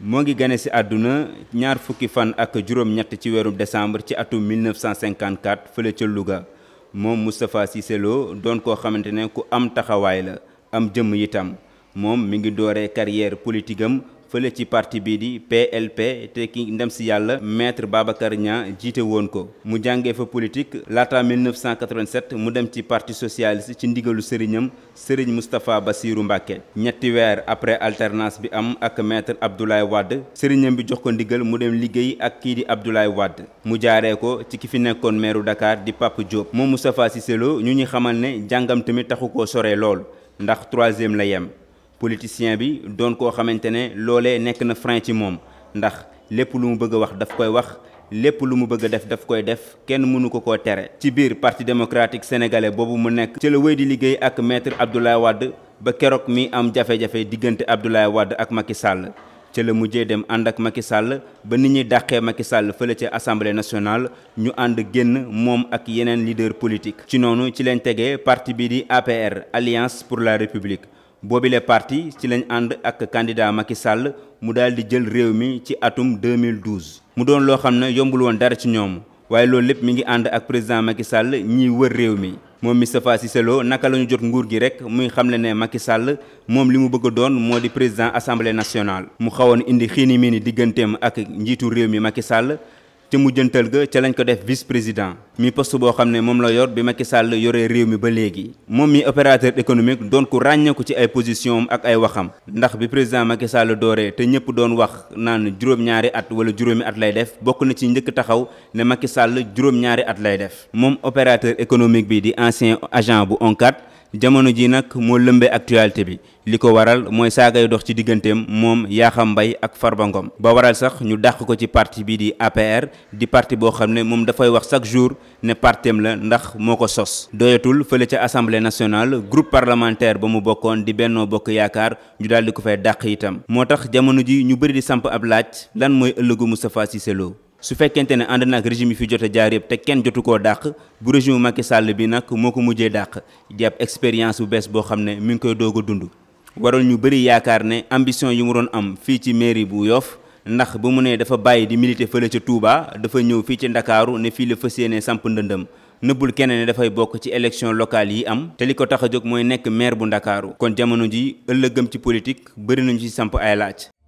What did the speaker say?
moo ngi gane si àdduna ñaar fukki fan ak juróom-ñett ci weeru décembre ci atum 1954 fële ca Louga moom Moustapha Cissé Lo doon koo xamante ne ku am taxawaay la am jëmm itam moom mi ngi doore carrière politique am fële ci parti bii di PLP te ki ndem si yàlla maître Babacar jiite woon ko mu jàngee fa politique laata 1987 mu dem ci parti socialiste ci ndigalu sëriñam sëriñ Moustapha Bassirou Mbacké ñetti weer après alternance bi am ak maître Abdoulaye wadd sëriñam bi jox ko ndigal mu dem liggéey ak kii di Abdoulaye Wade mu jaaree ko ci ki fi nekkoon meeru Dakar di Pape Diop moom Moustapha si Lo ñu ñu xamal ne jàngam tamit taxu ko sore lool ndax troisième la yem politicien bi doon koo xamante ne loolee nekk na frein ci moom ndax lépp lu mu bëgg wax daf koy wax lépp lu mu bëgg def daf koy def kenn mënu ko koo tere. ci biir parti démocratique sénégalais boobu mu nekk. ci la wéy di liggéey ak maître Abdoulaye Wade ba keroog mi am jafe-jafe diggante Abdoulaye Wade ak Macky sàll ca la mujjee dem ànd ak Macky sàll ba nit ñi dàqee Macky Sall fale ca assemblée nationale ñu ànd génn moom ak yeneen leader politique. ci noonu ci leen tegee parti bi di APR alliance pour la république. boobile parti ci lañ ànd ak candidat Macky Sall mu daal di jël réew mi ci atum 2012. mu doon loo xam ne yombul woon dara ci ñoom waaye loolu lépp mi ngi ànd ak président Macky Sall ñiy wër réew mi. moom Moustapha Cissé Lo naka la ñu jot nguur gi rek muy xamle ne Macky Sall moom li mu bëgg a doon moo di président assemblée nationale. mu xawoon indi xiini miini digganteem ak njiitu réew mi Macky sàll ci mujjantal ga ca lañ ko def vice président mi poste boo xam ne moom la yor bi Macky Sall yoree réew mi ba léegi moom mi opérateur économique doon ku ràññeeku ci ay position ak ay waxam ndax bi président Macky Sall dooree te ñëpp doon wax naan juróom-ñaari at wala juróomi at lay def bokk na ci njëkk taxaw ne Macky Sall juróom-ñaari at lay def moom opérateur économique bi di ancien agent bu ONCAD jamono ji nag moo lëmbee actualité bi li ko waral mooy saagay dox ci digganteem moom Yakham mbay ak Farba ba waral sax ñu dàq ko ci parti bi di APR di parti boo xam ne moom dafay wax chaque jour ne partem la ndax moo ko sos doyatul fële ca assemblée nationale groupe parlementaire ba mu bokkoon di bennoo bokk yaakaar ñu daal di ko fay dàq itam moo tax jamono ji ñu bëri di samp ab laaj lan mooy ëllëgu Moustapha Cissé Lo su fekkente ne ànd naag régime yi fi jot a jaar yëpp te kenn jotu ko dàq bu régime i Sall bi nag moo ko mujjee dàq di ab expérience bu bees boo xam ne mi ngi koy doog a dund. waral ñu bëri yaakaar ne ambition yi mu doon am fii ci mairie bu Yoff ndax ba mu nee dafa bàyyi di militer fële ca Touba dafa ñëw fii ci Ndakaaru ne fii la fas yéene samp ndëndëm. nëbbul keneen ne dafay bokk ci élection locale yi am te li ko tax a jóg mooy nekk maire bu ndakaaru kon jamono ji ëllëgam ci politique bëri nañu ci samp ay laaj